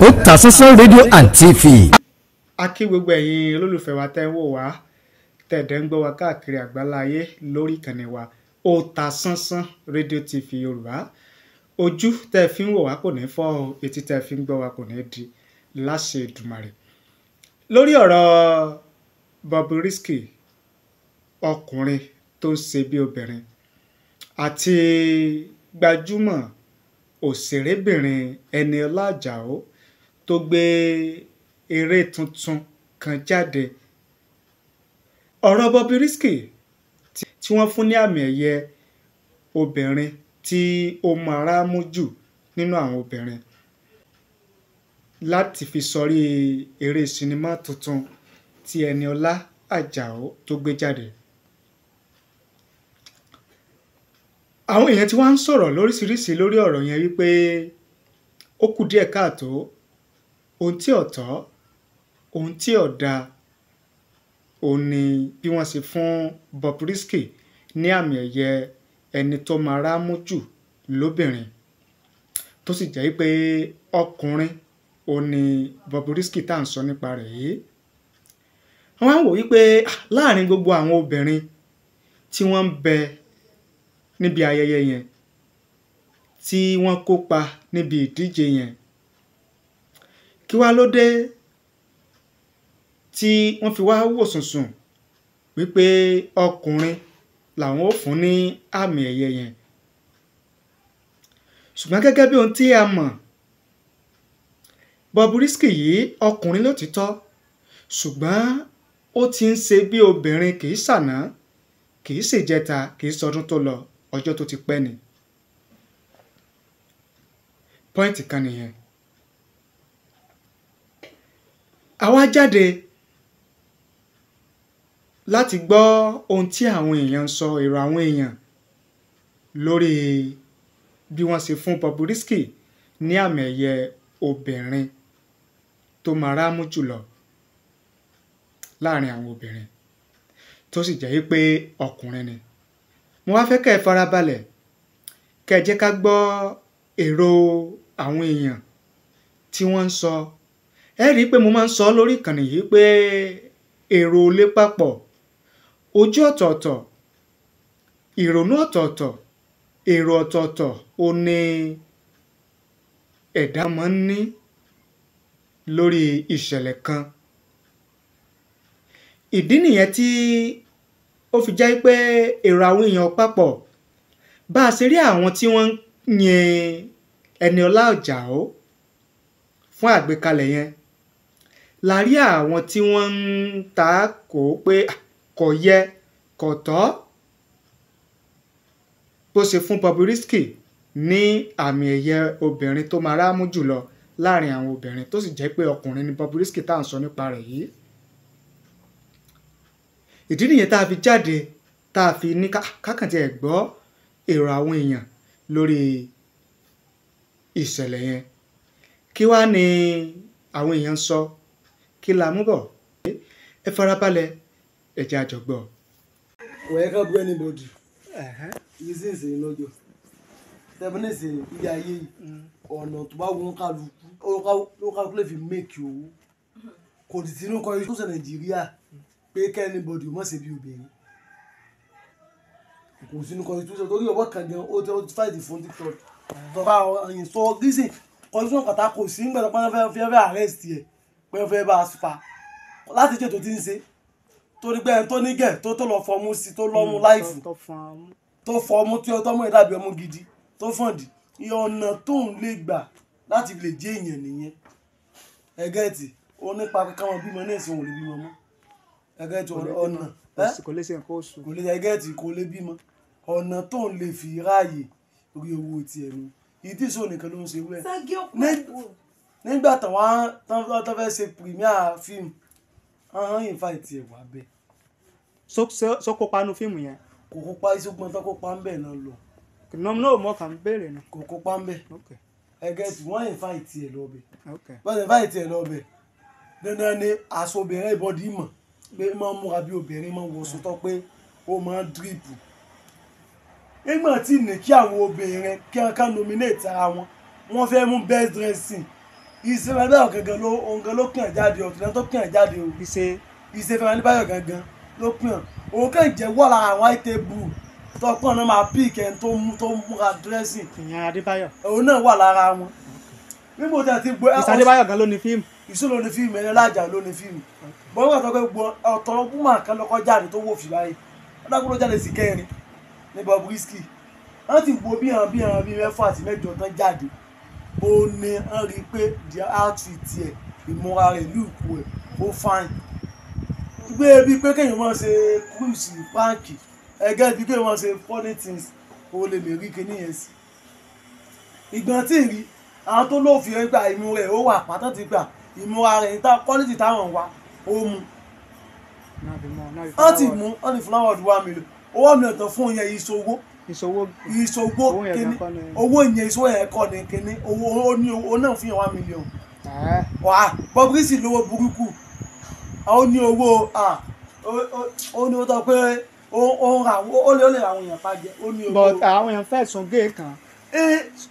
Otasansan rédíò and TV. a kí gbogbo ẹ̀yin olólùfẹ́ wa tẹ́ ń wò wá tẹ̀dẹ̀ ń gbọ́ wa káàkiri àgbáláyé lórí ìkànnì wa Otasansan rédíò TV Yorùbá ojú tẹ́ fi ń wò wá kò ní fọ́ o etí tẹ́ fi ń gbọ́ wa kò ní di láṣẹ Èdùmàrè lórí ọ̀rọ̀ Bobrisky ọkùnrin tó ń ṣe bí obìnrin àti gbajúmọ̀ òṣèrébìnrin Ẹniọlá Àjàó tó gbé eré tuntun kan jáde ọ̀rọ̀ Bobrisky tí wọ́n fún ní àmì ẹ̀yẹ obìnrin tí ó mara mú jù nínú àwọn obìnrin láti fi sọrí eré sinimá tuntun tí Ẹniọlá Àjàó tó gbé jáde. àwọn èèyàn tí wọ́n ń sọ̀rọ̀ lóríṣiríṣi lórí ọ̀rọ̀ yẹn wípé ó kù díẹ̀ káàtó ohun tí ò tọ́ ohun tí ò dáa òun ni bí wọ́n ṣe fún Bobrisky ní àmì ẹ̀yẹ ẹni tó máa rámú jù lóbìnrin tó sì jẹ́ pé ọkùnrin òun ni Bobrisky tá à ń sọ nípa rẹ̀ yìí wọ́n á wò wípé láàrin gbogbo àwọn obìnrin tí wọ́n ń bẹ níbi ayẹyẹ yẹn tí wọ́n kópa níbi ìdíje yẹn kí wá ló dé tí wọ́n fi wá wò sùnsùn wípé ọkùnrin làwọn ò fún ní àmì ẹ̀yẹ yẹn ṣùgbọ́n gẹ́gẹ́ bí ohun tí a mọ̀ Bobrisky yìí ọkùnrin lótìtọ́ ṣùgbọ́n ó ti ń ṣe bí obìnrin kì í ṣàná kì í sì jẹta kì í sọdún tó lọ ọjọ́ tó ti pẹ́ ni pọ́ìntì kan nìyẹn. àwa jáde láti gbọ́ ohun tí àwọn èèyàn ń sọ èrò àwọn èèyàn lórí bí wọ́n ṣe fún Bobrisky ní àmì ẹ̀yẹ obìnrin tó máa rámú jùlọ láàrin àwọn obìnrin tó sì jẹ́ pé ọkùnrin ni mo wá fẹ́ kẹ́ ẹ farabalẹ̀ kẹ́ ẹ jẹ́ ká gbọ́ èrò àwọn èèyàn tí wọ́n ń sọ. So ẹ rí i pé mo máa ń sọ lórí ìkànnì yìí pé èrò ò lè papọ̀ ojú ọ̀tọ̀ọ̀tọ̀ ìrònú ọ̀tọ̀ọ̀tọ̀ èrò ọ̀tọ̀ọ̀tọ̀ ò ní ẹ̀dá máa ń ní lórí ìṣẹ̀lẹ̀ kan ìdí nìyẹn tí ó fi jẹ́ pé èrò àwọn èèyàn papọ̀ bá a ṣe rí àwọn tí wọ́n ń yin Ẹniọlá Ọ̀jàó fún àgbékalẹ̀ yẹn la rí àwọn tí wọ́n ń ta kò pé ah, kò yẹ kò tọ́ bó ṣe fún Bobrisky ní àmì ẹ̀yẹ obìnrin tó máa rámú jùlọ láàrin àwọn obìnrin tó sì jẹ́ pé ọkùnrin ni Bobrisky tá à ń sọ nípa rẹ̀ yìí ìdí nìyẹn tá a fi jáde tá a fi ní kákàntì ah, ẹ̀ gbọ́ èrò àwọn èèyàn lórí ìṣẹ̀lẹ̀ yẹn kí wàá ní àwọn èèyàn ń sọ kí la mú bọ̀ ẹ farabalẹ̀ ẹ jẹ́ àjọgbọ́. welcome to anybody yìí sì ń lọ́jọ́ tẹ́fínẹ́sì ilé ayé yìí ọ̀nà tó bá wọn kálukú ló kálukú lè fi méèkì owó kò sì sínú kọ́ iṣẹ́ sọ̀rọ̀ nàìjíríà pé kẹ́ni bọ̀dì mọ̀ sí bí obìnrin kò sínú kọ́ iṣẹ́ sọ̀rọ̀ torí ọwọ́ kan gan ó ti fáìdì fún tiktok tọ́ka ìsọ gísìn kọ́ iṣẹ́ sọ̀rọ̀ kàtà kò sí ń gbẹ̀dọ̀ pátá fẹ́ẹ́ fẹ́ẹ́ arrest yẹ pé ó fẹ́ bá a fa láti jẹ́ tó ti ń ṣe torí pé ẹni tó ní gẹ̀ tó tó lọ fọmú sí tó lọ́mú hmm, láìfù tó fọmú tí ọtọ́mú ẹ̀ dàbí ọmú gidi tó fọ̀ǹdì ọ̀nà tó ń lè gbà láti lè jẹ́ èèyàn nìyẹn ẹgẹ́tì ó nípa káwọn bímọ ní ìsìn òun lè bímọ mọ́ ẹgẹ́tì ọ̀nà kò lè ṣe nǹkan oṣù kò lè ẹgẹ́tì kò lè bímọ ọ̀nà tó ń lè fi ráàyè orí owó tiẹ̀ nu ìdí ìṣó nìkan ló ń ṣe wúlẹ̀ nígbà tán wá tán fẹ́ ṣe premier film ọ̀hún invite ẹ̀ wá bẹ́ẹ̀. sọ kópa nu fíìmù yẹn. kò kópa ìṣùgbọ́n tán kópa ń bẹ̀ náà lọ. náà mọ̀ kà ń béèrè náà. kò kópa ń bẹ̀. ẹgẹ tí wọ́n invite ẹ̀ lọ́bẹ̀. wọ́n invite ẹ̀ lọ́bẹ̀ dandan ni aṣọ obìnrin ìbọ̀dí mọ̀ pé máa ń múra bí obìnrin máa ń wọṣọ tó pé ó máa ń dírìpù nígbà tí ní kí àwọn obìnrin kí wọn ká nominate ara wọn wọn fẹ́ mú best dressing ìṣe Fẹ́mi Adébáyọ̀ gangan ló òun ló kàn jáde ọ̀tún tó kàn jáde o ìṣe ìṣe Fẹ́mi Adébáyọ̀ gangan ló kàn òun kàn jẹ́ wà lára àwọn àìtẹ́bù tọkàn náà máa píìkì ẹni tó mú tó múra dírẹ́sì. ìyẹn Adébáyọ̀. òun náà wà lára wọn. bí mo tẹ̀ ti gbọ́. ìṣe Adébáyọ̀ gan ló ní fíìmù. ìṣe ló ní fíìmù ẹni lájà ló ní fíìmù. bọ́n wà tó pé gbọ́ ọ̀tọ̀ búmọ̀ kan lọ́kọ́ jáde tó wò fi báyìí ọ̀dàkùn ló jáde sí kẹrin ní Bobrisky. wọ́n ti wo bí hàn bí hàn bí mẹ́fà àti mẹ́jọ tán jáde ó ní hàn rí pé the outfit ẹ̀ ìmúra rẹ̀ lùkù ẹ̀ ó fine gbé bí pé kéèyàn máa ṣe cruise páàkì ẹgẹ́ bí kéèyàn máa ṣe funny things ó lè lè rí kíní yẹn sí ìgbọ̀n tí ì rí àwọn tó lófin ẹ̀ gba ìmú rẹ̀ ó wà pátá ti gbà ìmúra rẹ̀ níta quality táwọn wa ó mu wọ́n ti mú wọ́n ti fúláwọ̀ ọdún wa mi lò owó mi ọ̀tọ̀ fún yẹn ìṣòwò ìṣòwò ìṣòwò kìíní owó ìyẹn ìṣòwò yẹn kọ́ ni kìíní owó ó ní owó náà fi hàn one million wà Bobrisky lówó burúkú ó ní owó ó ní owó tó pé ó ń ra ó lè ó lè ra àwọn èèyàn pàjẹ́ ó ní owó. but àwọn èèyàn fẹ̀sùn géè kan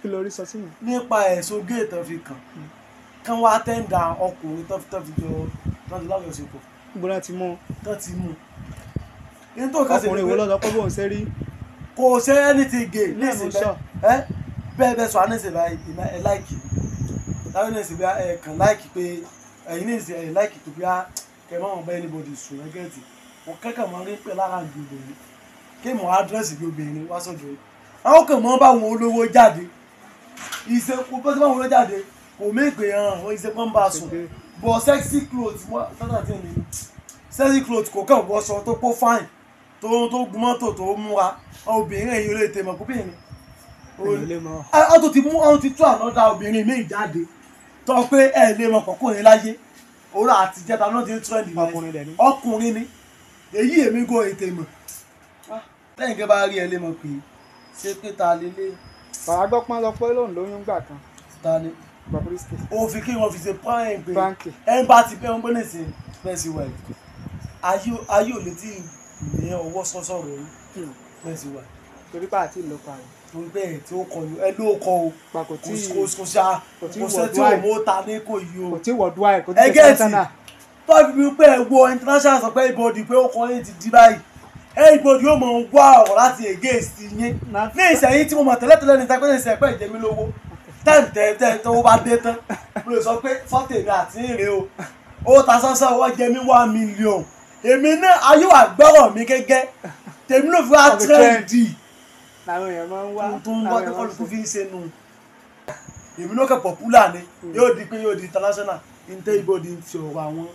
kí lórí sọ sí mi. nípa ẹ̀sùn géè tó fi kàn hmm. kán wá tẹ́ǹdà ọkùnrin tó fi jọ tó fi lájọṣepọ̀. gbọ́dọ̀ ti mú. tó ti mú. ọkùnrin wo lọ́dọ̀ pé bóun ṣe rí kò ṣe anything gay ní ìsìnbẹ ẹ bẹ́ẹ̀ bẹ́ẹ̀ sọ anísìnbẹ ẹ láìkì láwọn ní ìsìnbẹ ẹ kàn láìkì pé ẹ̀yin ní ìsìn ẹ láìkì tó bí a kẹ mọ́ bẹ́ẹ̀ ní bọ́dì sùn ẹ gẹ́tì mo kẹ́kọ̀ọ́ mọ́ ní pẹ́ lára gbogbo yìí kí mo àdírẹ́sì bí obìnrin wá sọ́dọ̀ yìí àwọn kàn mọ́ bá wọn olówó jáde ìṣekú bọ́sẹ̀ bá wọn olówó jáde kò mí pè hàn wọ́n ìṣekú ń bá a sùn bọ́ sexy clothes wọ́n sọ́dọ̀ àti ẹ̀mí sexy clothes kò kàn wọ́ṣọ tó kó fine tó tó gun mọ́tò tó múra obìnrin èyí lè tẹ̀ mọ̀ kúbìnrin ọtún ti mú ọtún ti tú ànọ́dá obìnrin míì jáde tó pé ẹ̀ lè mọ̀ kọ́kùnrin láyé òun àti jẹta náà ti ń tún ẹ̀ nìyẹn ọkùnrin ni èyí èmi gò ètè mọ̀ ah, lẹ́yìn kí bá rí ẹ lé mọ̀ pé ṣé pé ta lélẹ̀. bàbá pọ́n lọ pé lóun lóyún gbà kan. ta ni òfin kí wọn fi ṣe pọ́n ẹ̀ pé ẹ̀ bá ti pé wọn gbé nìsín fẹ́ẹ́ sí wẹ̀ ayé ò lè tí ì ìyẹn ọwọ́ sọ́sọ̀rọ̀ yìí lẹ́sìn wa. torí pa àti ìlọ́pàá rẹ̀. torí bẹ́ẹ̀ tí ó kọ yìí ẹ ló kọ o kò sá kò sẹ́ tí òun ó ta ní kò yìí o. kò tí wọ̀ dúwà kò tí wọ̀ tẹ́tánà. tọ́jú mi pé ẹ wo international sọ pé ibodì pé ó kọ yín ti di báyìí ibodì yóò mọ̀ ń wá ọ̀rọ̀ láti ègé èsì yín ní ìsẹ̀yìn tí mo mọ̀ tẹ́lẹ̀tẹ́lẹ̀ ní tẹ́pẹ́ pé fọ́tẹ̀ mi àti èmi náà ayé wà gbọ́rọ̀ mi gẹ́gẹ́ tèmi ló fi wá tírẹ̀ǹdì làwọn èèyàn máa ń wá tó ń wá tó kọ́ ló fi ń ṣe nù èmi ló kẹ́ pọ̀púlà ni hmm. yóò di pé yóò di international ntẹ́ ibo di ti ọ̀rọ̀ àwọn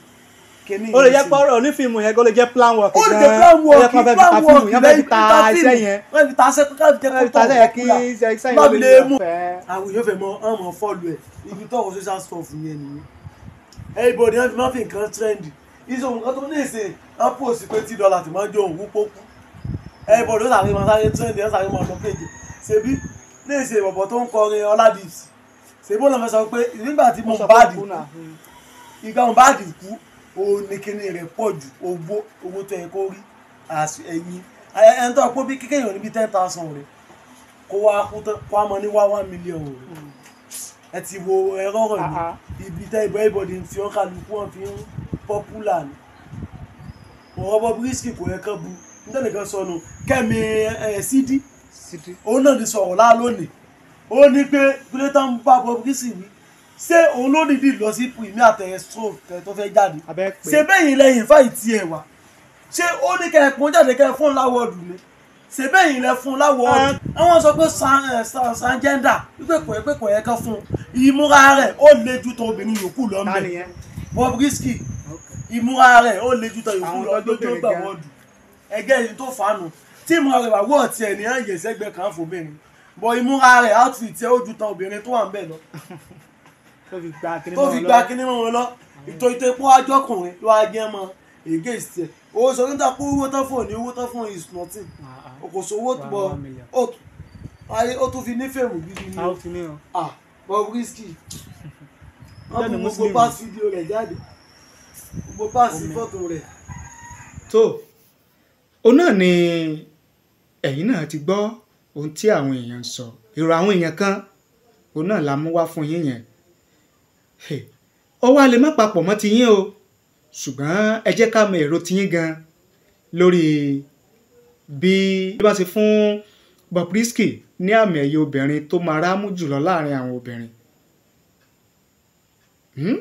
kìíní yìí. o lè jẹ́ pọ́rọ̀ onífìmù yẹn kó lè jẹ́ plan work gan-an o lè jẹ́ plan work plan work lẹ́yìn ta iṣẹ́ yẹn wọ́n fi ta iṣẹ́ kó káàbí jẹ́ kó tọ̀ ọ́ kí iṣẹ́ yẹn lè lè mú. àwọn èèyàn fẹ́ mọ ọmọ fọ́ọ̀lù ẹ̀ ibi tọ́wọ́ social stuff yẹn nìyẹn ẹ̀ ibo ni wọ́n fi máa fi nǹkan trendy iṣẹ́ òun kan tó ní ìsìn ápò sí pé tí dọ́là ti máa ń jẹ́ òun pókú everybody ó sàré máa sáré trend ó sàré máa lọ péjì ṣebí ní ìṣe ìbọ̀bọ̀ tó ń kọrin ọ̀làdìs ṣebí olùfẹ́ sọ pé nígbà tí Mohbad kú ìgbà Mohbad kú òun ní kíní rẹ̀ pọ̀ ju owó owó tó yẹ kó rí ẹ̀yìn ẹni tó pọ̀ bí kékeré yàn níbi ten thousand rẹ̀ kó wá kú tán kó wá mọ ní wá one million rẹ̀ hmm. ẹ ti wo ẹ̀rọ rẹ̀ ah, ah. ibi tẹ́ ìbọ̀ ìbọ̀dì ti ọ̀kàlùkù wọn fi ń pọ́pùlà ni ọ̀rọ̀ Bob Risky kò yẹ kán bu nítorí kan sọnù Kẹ́mi Sídí òun náà ti sọ̀rọ̀ lá lónìí ó ní pé gúlẹ́tà ń bá Bob Risky wí ṣé òun ló nìdí lọ sí premier terrestrial tó fẹ́ jáde ṣé bẹ́yìn lẹ́yìn fáìtì ẹ̀ wá ṣé ó ní kẹ́ ẹ̀ pọ́n jáde kẹ́ ẹ̀ fún láwọ́ọ̀dù ni sebe yin lẹ fún láwọ àwọn sọ pé sangenda pípẹ́ pẹ́ pẹ́ pẹ́ yẹ kán fún ìmúra rẹ̀ ó le ju tó obìnrin yòókù lọ́mọ. Bobrisky ìmúra rẹ̀ ó le ju tọ ìwúrọ ọjọ́ tó gbà wọ́ọ̀dù ẹgẹ́ yìí tó fanu tí ìmúra rẹ̀ wà wọ́ọ̀ tiẹ̀ ní ẹ̀yẹ sẹ́gbẹ́ kan fòbìnrin bọ ìmúra rẹ̀ outfit ẹ̀ ó ju tọ obìnrin tó wà ń bẹ̀ lọ. tó fi gba kíní mọ́ wọn lọ ìtòyí tó pọ́ ajọ́kùnrin ló á jẹ́ mọ́ ègé ìsìtẹ̀ owó sọ níta kó owó tán fún òní owó tán fún is nothing òkòso ah, ah. owó tó bọ ó tún fi nífẹ̀ẹ́ mú gidi ni ah, Bobrisky lẹ́nu muslim. gbogbo paasi fídíò rẹ̀ jáde gbogbo paasi fọ́tò rẹ̀. tó o náà ni ẹ̀yin náà ti gbọ́ ohun tí àwọn èèyàn ń sọ èrò àwọn èèyàn kan òun náà la mú wá fún yín yẹn ọwọ́ a lè má papọ̀ mọ́ tiyín o ṣùgbọ́n ẹ jẹ́ ká mọ èrò tiyín gan lórí bí bí wọ́n ṣe fún Bobrisky ní àmì ẹ̀yẹ obìnrin tó máa rámú jùlọ láàrin àwọn obìnrin Hmm?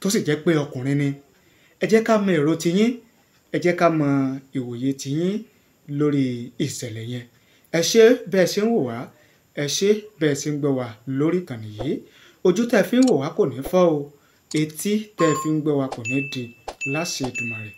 tó sì jẹ́ pé ọkùnrin ni ẹ jẹ́ ká mọ èrò tiyín ẹ jẹ́ ká mọ ìwòye tiyín lórí ìṣẹ̀lẹ̀ yẹn ẹ ṣé bẹ́ẹ̀ ṣe ń wò wá ẹ ṣé bẹ́ẹ̀ ṣe ń gbọ́ wá lórí ìkànnì yìí ojú tẹ́ fi ń wò wá kò ní fọ́ o etí tẹ́ fi ń gbọ́ wá kò ní di láṣẹ Èdùmàrè